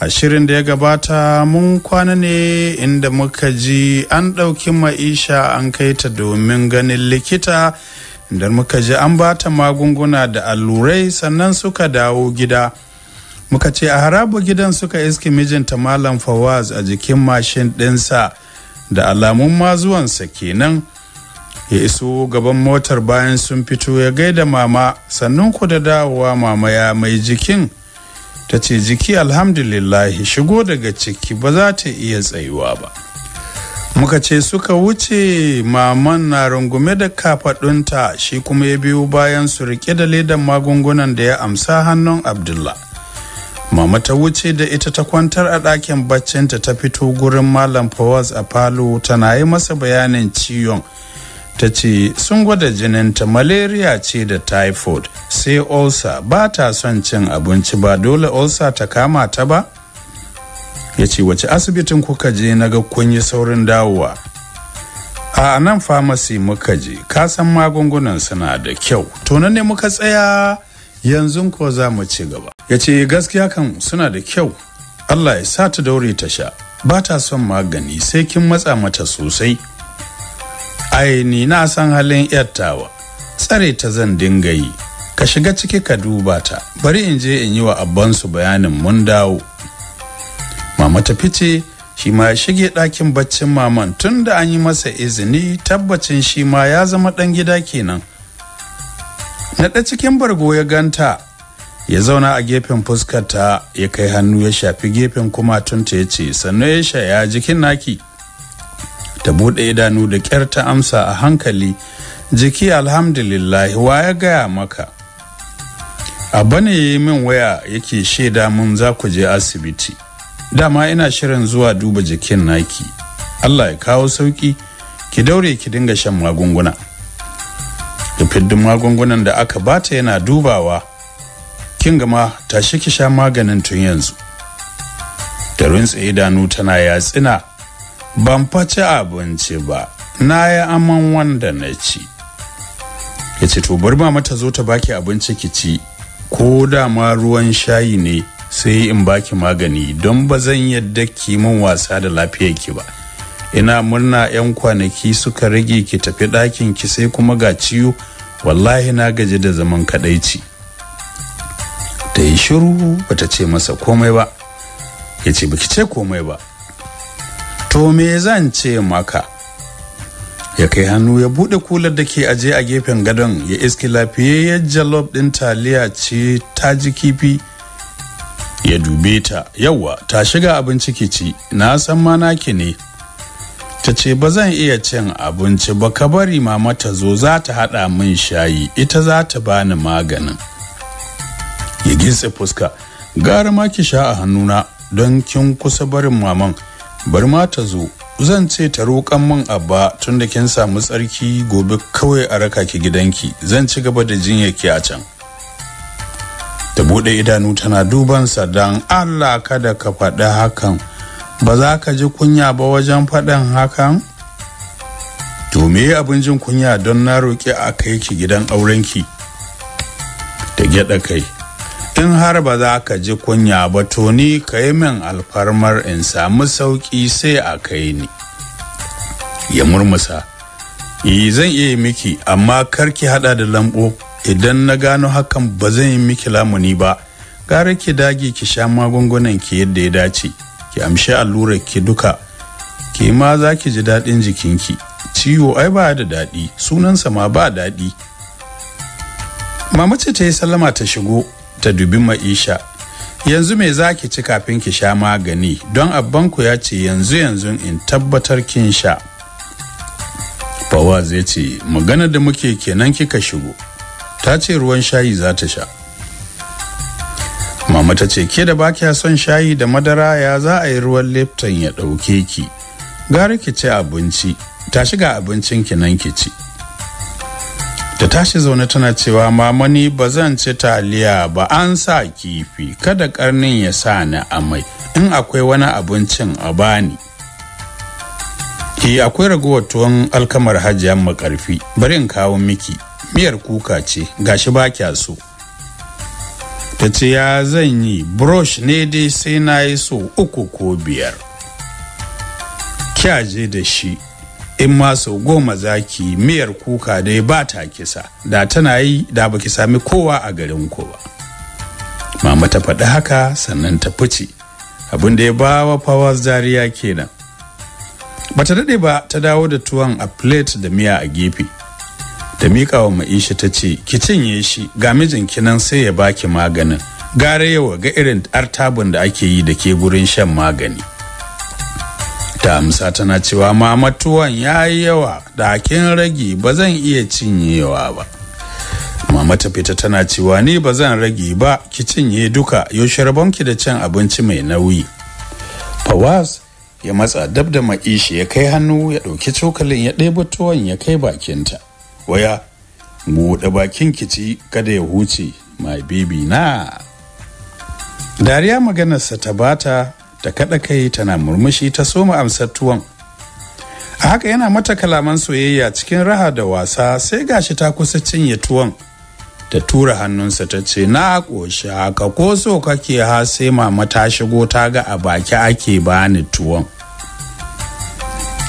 a shirin da ya gabata mun kwana ne inda muka ji an ɗauki ma'isha an kai ta domin ganin likita inda muka ji an bata magunguna da allurai sannan suka dawo gida muka ce a harabu gidan suka iski mijinta malam fawaz a jikin mashin ɗinsa da alamun mazuwansa kenan ya iso gaban motar bayan sun fito ya gaida mama sannan ku da dawowa mama ya mai jikin ta ce jiki alhamdulillahi shigo daga ciki ba za ta iya tsayuwa ba muka ce suka wuce maman na rungume da kafaɗunta shi kuma ya biyo bayan su rike da ledan magungunan da ya amsa hannun abdullah mama ta wuce da ita ta kwantar a ɗakin baccinta ta fito gurin malam fawaz a falo tana yi masa bayanin ciwon ta ce sun gwada jinin ta malaria ce da typhoid sai ulcer ba ta son cin abinci ba dole ulcer ta kama ta ba ya ce wace asibitin kuka je na ga kun saurin dawowa a nan famasi muka je kasan magungunan suna da kyau tunan ne muka tsaya yanzu ko za mu ci gaba ya ce gaskiya kan suna da kyau allah ya sa ta daure ta sha ba ta son magani sai kin matsa mata sosai ai ni na san halin yattawa tsare ta zan dinga yi ka shiga ciki ka duba ta bari in je in yi wa abbansu bayanin mun dawo mama ta fice shi ma ya shige ɗakin baccin maman tun da an yi masa izini tabbacin shi ma ya zama ɗan gida kenan naɗa cikin bargo ya ganta ya zauna a gefen fuskarta ya kai hannu ya shafi gefen kumatunta ya ce sannan ya sha ya jikin naki ta buɗe idanu da kyar ta amsa a hankali jiki alhamdulillah wa ya gaya maka A bane ya yi min waya yake shaida mun za ku je asibiti dama ina shirin zuwa duba jikin naki allah ya kawo sauki ki daure ki dinga shan magunguna fiddin magungunan da aka bata yana dubawa kin gama tashi ki sha maganin tun yanzu da rintsa idanu tana yatsina ban face abinci ba na yi aman wanda na ci ya ce to bari mama ta zo ta baki abinci ki ci ko da ma ruwan shayi ne sai in baki magani don ba zan yadda ki min wasa da lafiyar ki ba ina murna yan kwanaki suka rage ki tafi ɗakin ki sai kuma ga ciwo wallahi na gaji da zaman kadaici ta yi shiru bata ce masa komai ba ya ce baki ce komai ba to me zan ce maka ya kai hannu ya bude kular da ke aje a gefen gadon ya iski lafiyayyar jalof din taliya ce ta ji kifi ya dube ta yawa ta shiga abinci kici na san ma ki ne ta ce ba zan iya cin abinci ba ka bari mama ta zo za ta haɗa min shayi ita za ta bani maganin ya gitse fuska gara ma ki sha a hannuna don kin kusa barin maman Bar ma ta zo zan ce ta roƙan min abba tun da kin samu tsarki gobe kawai a raka ki gidanki zan ci gaba da jinya ki a can ta buɗe idanu tana duban sa don allah kada ka faɗi hakan ba za ka ji kunya ba wajen faɗin hakan to me abin jin kunya don na roƙi a kai ki gidan aurenki ta gyaɗa kai in har ba za ka ji kunya ba to ni ka yi min alfarmar in samu sauƙi sai a kai ni ya murmusa yi zan iya miki amma kar ki hada da lambo idan na gano hakan ba zan yi miki lamuni ba gara ki dage ki sha magungunan ki yadda ya dace ki amshi allurar ki duka ki ma za ki ji daɗin jikinki ciwo ai ba da daɗi sunansa ma ba daɗi mamace ta yi sallama ta shigo ta dubi maisha yanzu me za ki ci kafin ki sha magani don abbanku ya ce yanzu yanzu in tabbatar kin sha fawaz ya ce magana da muke kenan kika shigo ta ce ruwan shayi za ta sha mama ta ce ke da ba kya son shayi da madara ya za a yi ruwan lipton ya ɗauke ki gara ki ci abinci ta shiga abincin ki nan ki ci ta tashi zaune tana cewa mamani ba zan ci taliya ba an sa kifi kada karnin ya sa ni amai in akwai wani abincin a bani ki eh, akwai ragowar tuwon alkamar hajiya makarfi bari in kawo miki miyar kuka ce gashi ba kya so ta ce ya zan yi brush ne dai sai na yi so uku ko biyar Kya je da shi in ma sau goma zaki miyar kuka dai ba ta kisa da tana yi da baki sami kowa a garin ku ba mama ta faɗi haka sannan ta fice abin da ya ba wa fawas zariya kenan bata daɗe ba ta dawo da tuwon a plate da miya a gefe ta miƙa wa ma'isha ta ce ki cinye shi ga mijin kinan sai ya baki maganin gara yawa ga irin artabun da ake yi da ke gurin shan magani ta amsa tana cewa mama tuwon ya yi yawa da kin rage ba zan iya cinyewa ba mama ta fita tana cewa ni ba zan rage ba ki cinye duka yaushe rabonki da cin abinci mai nauyi fawaz ya matsa dab da ma'ishi ya kai hannu ya ɗauki cokalin ya ɗebo tuwon ya kai bakinta waya buɗe bakin kici kada ya huce my baby na dariya maganarsa ta bata ta kaɗa kai tana murmushi ta soma amsar tuwon a haka yana mata kalaman soyayya cikin raha da wasa sai gashi ta kusa cinye tuwon ta tura hannunsa ta ce na ƙoshi haka ko so kake ha sai mama ta shigo ta ga a baki ake bani tuwon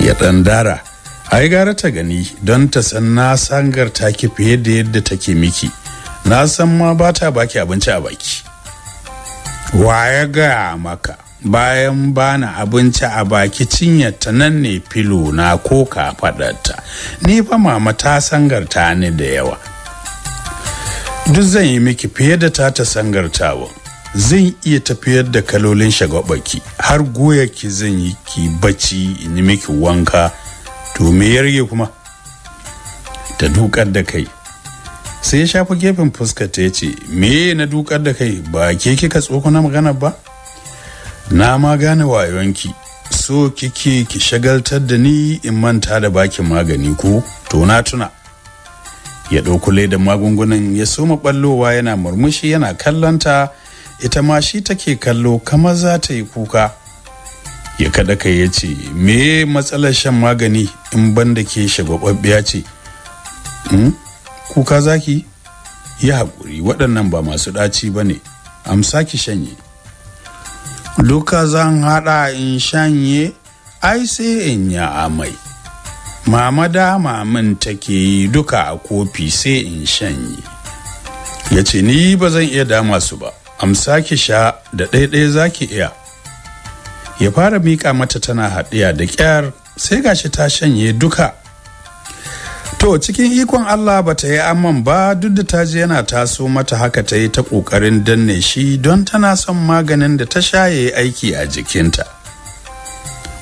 ya ɗan dara ai gara ta gani don ta san na sangar ta ki fiye da yadda take miki na san ma ba ta baki abinci a baki wa ya gaya maka bayan bana abinci a baki cinyarta nan ne filo na ko kafadarta ni fa mama ta sangarta ni da yawa duk zan yi miki fiye da ta ta sangartawa zan iya tafiyar da kalolin shagwabaki har goya ki zan yi ki bacci in yi miki wanka to me yarge kuma ta dukar da kai sai ya shafi gefen fuskar ta ya ce me na dukar da kai ba ke kika tsoko na magana ba na ma gane wayonki so kike ki shagaltar da ni in manta da bakin magani ko to na tuna ya ɗauko da magungunan ya soma ɓallowa yana murmushi yana kallanta ita ma shi take kallo kamar za ta yi kuka ya kaɗa kai ya ce me matsalar shan magani in banda ke shagwababbiya ce hmm? kuka zaki ya haƙuri waɗannan ba masu ɗaci ba ne amsa ki shanye duka zan haɗa in shanye ai sai in yi amai mama dama min take yi duka a kofi sai in shanye ya ce ni ba zan iya dama su ba amsa ki sha da ɗaiɗai za ki iya ya fara mika mata tana haɗiya da ƙyar sai gashi ta shanye duka To cikin ikon Allah ba ta yi amman ba duk da ta je yana taso mata haka ta yi ta ƙoƙarin danne shi don tana son maganin da ta shaye aiki a jikinta.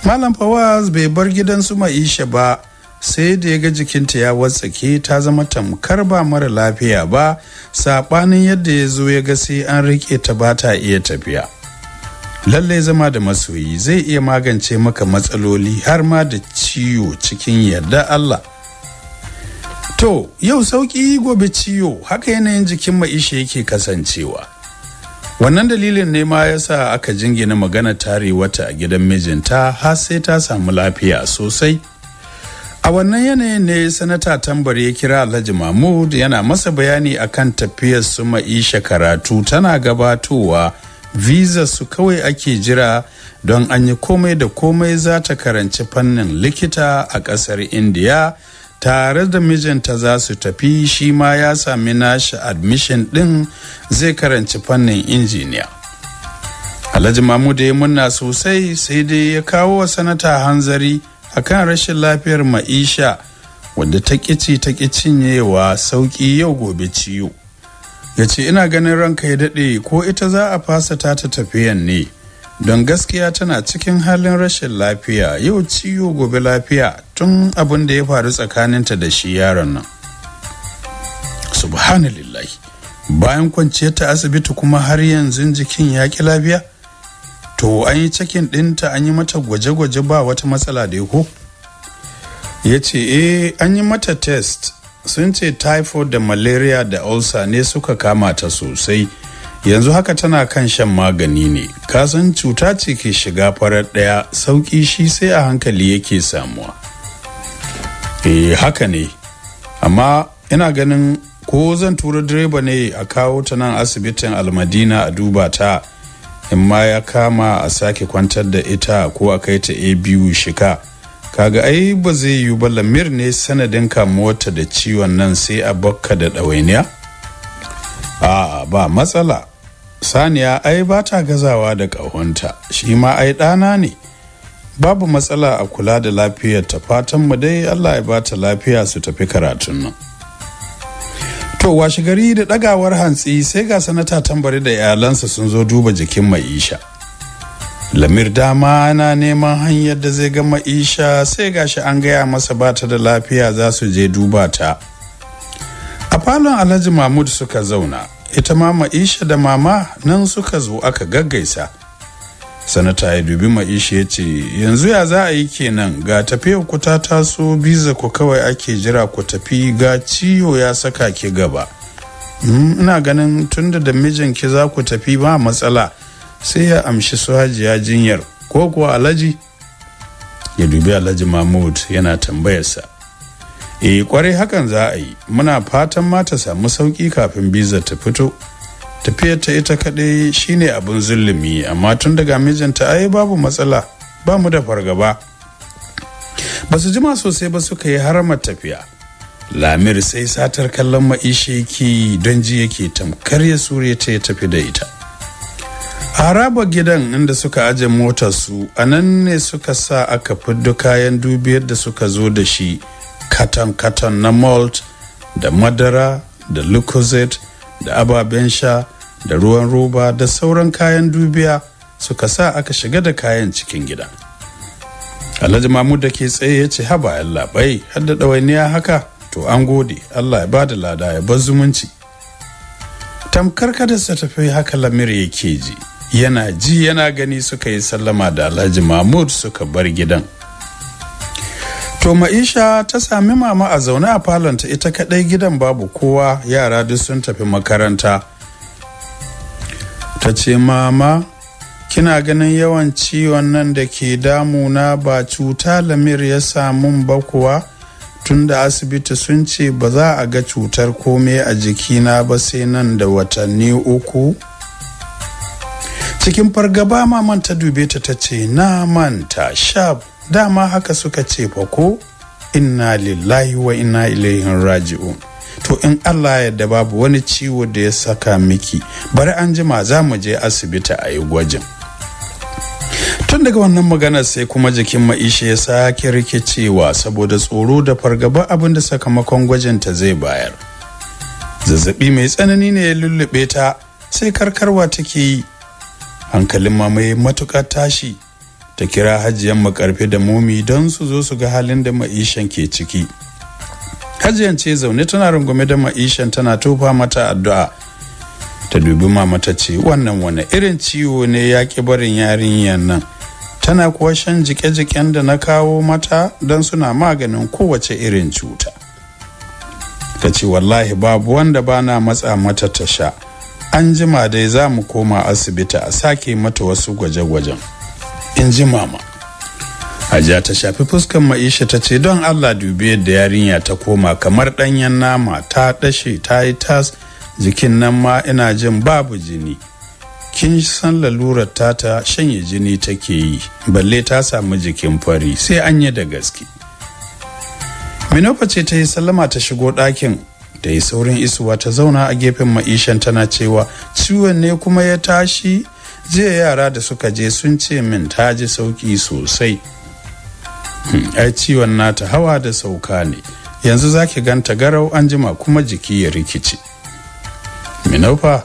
Malam Fawaz bai bar gidan su Maisha ba sai da ya ga jikinta ya watsake ta zama tamkar ba mara lafiya ba saɓanin yadda ya zo ya ga sai an rike ta ba ta iya tafiya. Lallai zama da masoyi zai iya magance maka matsaloli har ma da ciwo cikin yarda Allah. To, yau sauƙi gobe ciwo haka yanayin jikin maisha yake kasancewa. Wannan dalilin ne ma ya sa aka jingina magana tare wata a gidan mijinta har sai ta samu lafiya sosai. A wannan yanayin ne sanata tambar ya kira Alhaji Mahmud yana masa bayani akan tafiyar su maisha karatu tana gabatowa visa su kawai ake jira don an yi komai da komai za ta karanci fannin likita a ƙasar Indiya. tare da mijinta za su tafi shi ma ya sami nashi admission ɗin zai karanci fannin injiniya alhaji mamuda ya munna sosai sai dai ya kawo wa sanata hanzari akan rashin lafiyar ma'isha wadda ta kici ta wa sauƙi yau gobe ciwo ya ce ina ganin ranka ya daɗe ko ita za a fasa ta ta tafiyan ne don gaskiya tana cikin halin rashin lafiya yau ciwo gobe lafiya tun abin da ya faru tsakaninta da shi yaron nan subhanallah bayan kwanciyarta ta asibiti kuma har yanzu jikin ya ki lafiya to an yi cikin ɗinta an yi mata gwaje-gwaje ba wata matsala da yako? ko ya ce eh an yi mata test sun ce typhoid da malaria da ulcer ne suka kama ta sosai yanzu haka tana kan shan magani ne kasan cuta ce ke shiga farar ɗaya sauki shi sai a hankali yake samuwa e haka ne amma ina ganin ko zan tura direba ne a kawo ta nan asibitin almadina a duba ta in ma ya kama a sake kwantar da ita ko a kai ta abu shika kaga ai ba zai yi ba lamir ne sanadin kamuwarta da ciwon nan sai a bakka da ɗawainiya a'a ba matsala saniya ai ba ta gazawa da ƙahonta shi ma ai ɗana ne babu matsala a kula da lafiyar ta fatan mu dai allah ya bata lafiya su tafi karatun nan to washe gari da ɗagawar hantsi sai ga sanata tambari da iyalansa sun zo duba jikin maisha lamir dama na neman hanyar da zai ga maisha sai gashi an gaya masa bata da lafiya za su je duba ta a falon alhaji mahmud suka zauna ita ma ma'isha da mama nan suka zo aka gaggaisa sanata ya dubi ma'isha ya ce yanzu ya za a yi kenan ga tafiyar ku ta taso biza ku kawai ake jira ku tafi ga ciwo ya saka ki gaba hmm, ina ganin tunda da mijinki za ku tafi ba matsala sai ya amshi su hajiya jinyar ko kuwa alhaji ya dubi alhaji mahmud yana tambayarsa eh kwarai hakan za a yi muna fatan ma samu sauki kafin bizar ta fito tafiyar ta ita kaɗai shine abin zulumi amma tun daga mijinta ai babu matsala ba mu da fargaba ba su jima sosai ba suka yi haramar tafiya lamir sai satar kallon ma'ishe yake don ji yake tamkar ya sure ta ya tafi da ita a harabar gidan inda suka aje motar su a nan ne suka sa aka fiddo kayan dubiyar da suka zo da shi katon-katon na malt da madara da lucozade da ababen sha da ruwan roba da sauran kayan dubiya suka sa aka shiga da kayan cikin gida alhaji mahmud da ke tsaye ya ce haba allah labai har da ɗawainiya haka to an gode allah ya bada lada ya bar zumunci tamkar kada sa tafi haka lamir yake ji yana ji yana gani suka yi sallama da alhaji mahmud suka bar gidan To Maisha ta sami mama a zaune a falonta ita kadai gidan babu kowa yara duk sun tafi makaranta. Ta ce mama kina ganin yawan ciwon nan da ke damuna ba cuta lamir ya samun ba kuwa tunda asibiti sun ce ba za a ga cutar komai a jikina ba sai nan da watanni uku. cikin fargaba maman ta dube ta ta ce na manta shabu. dama haka suka ce fa ko inna lillahi wa inna ilaihin raji'un to in allah yadda babu wani ciwo da ya saka miki bari an jima za mu je asibiti a yi gwajin tun daga wannan maganar sai kuma jikin maisha ya sake rikicewa saboda tsoro da fargaba abinda sakamakon gwajin ta zai bayar zazzabi mai tsanani ne ya lullube ta sai karkarwa take yi hankalin mamaye matuƙa tashi ta kira hajiyan makarfe da momi don su zo su ga halin da ma'ishan ke ciki hajiyan ce zaune tana rungume da ma'ishan tana tofa mata addu'a ta dubi mama ta ce wannan wani irin ciwo ne ya ki barin yarinyar nan tana kuwa shan jike-jiken da na kawo mata don suna maganin kowace irin cuta ta ce wallahi babu wanda bana matsa mata ta sha an jima dai za mu koma asibiti a sake mata wasu gwaje-gwajen in ji mama hajiya ta shafi fuskan ma'isha ta ce don allah dubi yadda yarinya ta koma kamar ɗanyen nama ta ɗashe ta yi tas jikin nan ma ina jin babu jini kin san lalurar ta ta shanye jini take yi balle ta samu jikin fari sai an yi da gaske minofa ce ta yi sallama ta shigo ɗakin da yi saurin isuwa ta zauna a gefen ma'ishan tana cewa ciwon ne kuma ya tashi jiya yara da suka je sun ce min ta ji sauki sosai hmm, ai ciwon nata hawa da sauka ne yanzu zaki ganta garau an jima kuma jiki ya rikici minofa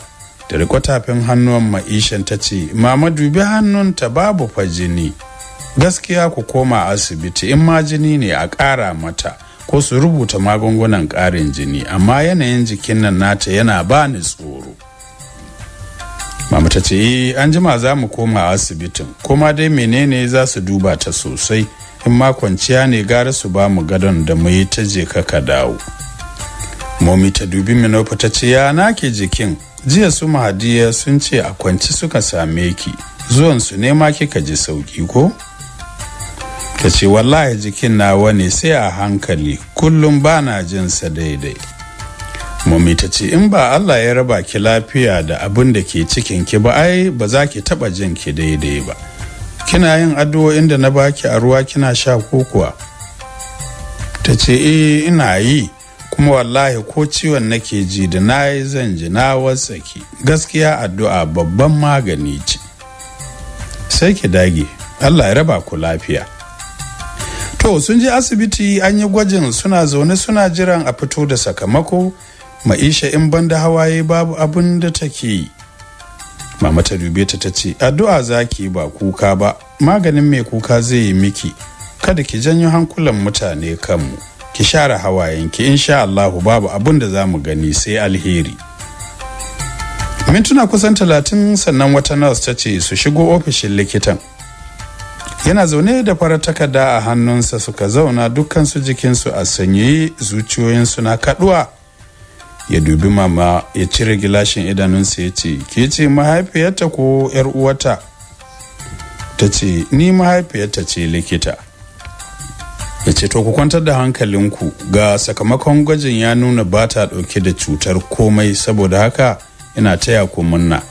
da riko tafin hannuwan ma'ishan ta ce mama dubi hannunta babu fa jini gaskiya ku koma asibiti in ma jini ne a ƙara mata ko su rubuta magungunan ƙarin jini amma yanayin jikin nan nata yana bani tsoro mama ta ce eh, an jima za mu koma asibitin kuma dai menene za su duba ta sosai in ma kwanciya ne gara su ba mu gadon da mu yi ta je ka dawo momi ta dubi minofa ta ce ya ke jikin jiya su mahadiya sun ce a kwanci suka same ki zuwan su ne ma kika ji sauki ko ta ce wallahi jikin nawa ne sai a hankali kullum ba na jinsa daidai mummy ta ce in ba allah ya raba ki lafiya da abin da ke cikin ki ba ai ba za ki taba jin ki daidai ba kina yin addu'o'in da na baki a ruwa kina sha ko kuwa ta ce eh ina yi kuma wallahi ko ciwon nake ji da na yi zan ji na wasaki gaskiya addu'a babban magani ce sai ki dage allah ya raba ku lafiya to sun je asibiti an yi gwajin suna zaune suna jiran a fito da sakamako ma'isha in banda hawaye babu abin da take yi mama ta dube ta ta ce addu'a zaki ba kuka ba maganin mai kuka zai yi miki kada ki janyo hankulan mutane kanmu ki share hawayenki insha Allahu babu abin da za mu gani sai alheri mintuna kusan talatin sannan wata nurse ta ce su shigo ofishin likitan yana zaune da farar takarda a hannunsa suka zauna dukkansu jikinsu a sanyi, zuciyoyinsu na kaduwa ya dubi mama ya cire gilashin idanunsa ya ce ke ce mahaifiyarta ko yar uwata ta ce ni mahaifiyarta ce likita ya ce to ku kwantar da hankalinku ga sakamakon gwajin ya nuna ba ta ɗauke da cutar komai saboda haka ina taya ku munna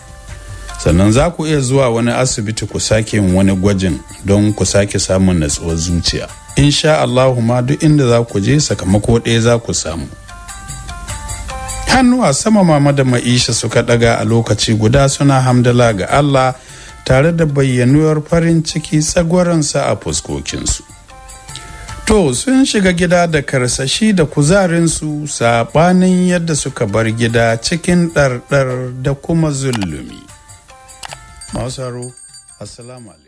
sannan za ku iya zuwa wani asibiti ku sake wani gwajin don ku sake samun natsuwar zuciya insha Allahu ma duk inda za ku je sakamako ɗaya za ku samu hannuwa sama mama da ma'isha suka daga a lokaci guda suna hamdala ga allah tare da bayyanuwar farin ciki tsagwaransa a fuskokinsu to sun shiga gida da karsashi da kuzarinsu saɓanin yadda suka bar gida cikin ɗarɗar da kuma zulumi Masaru, assalamu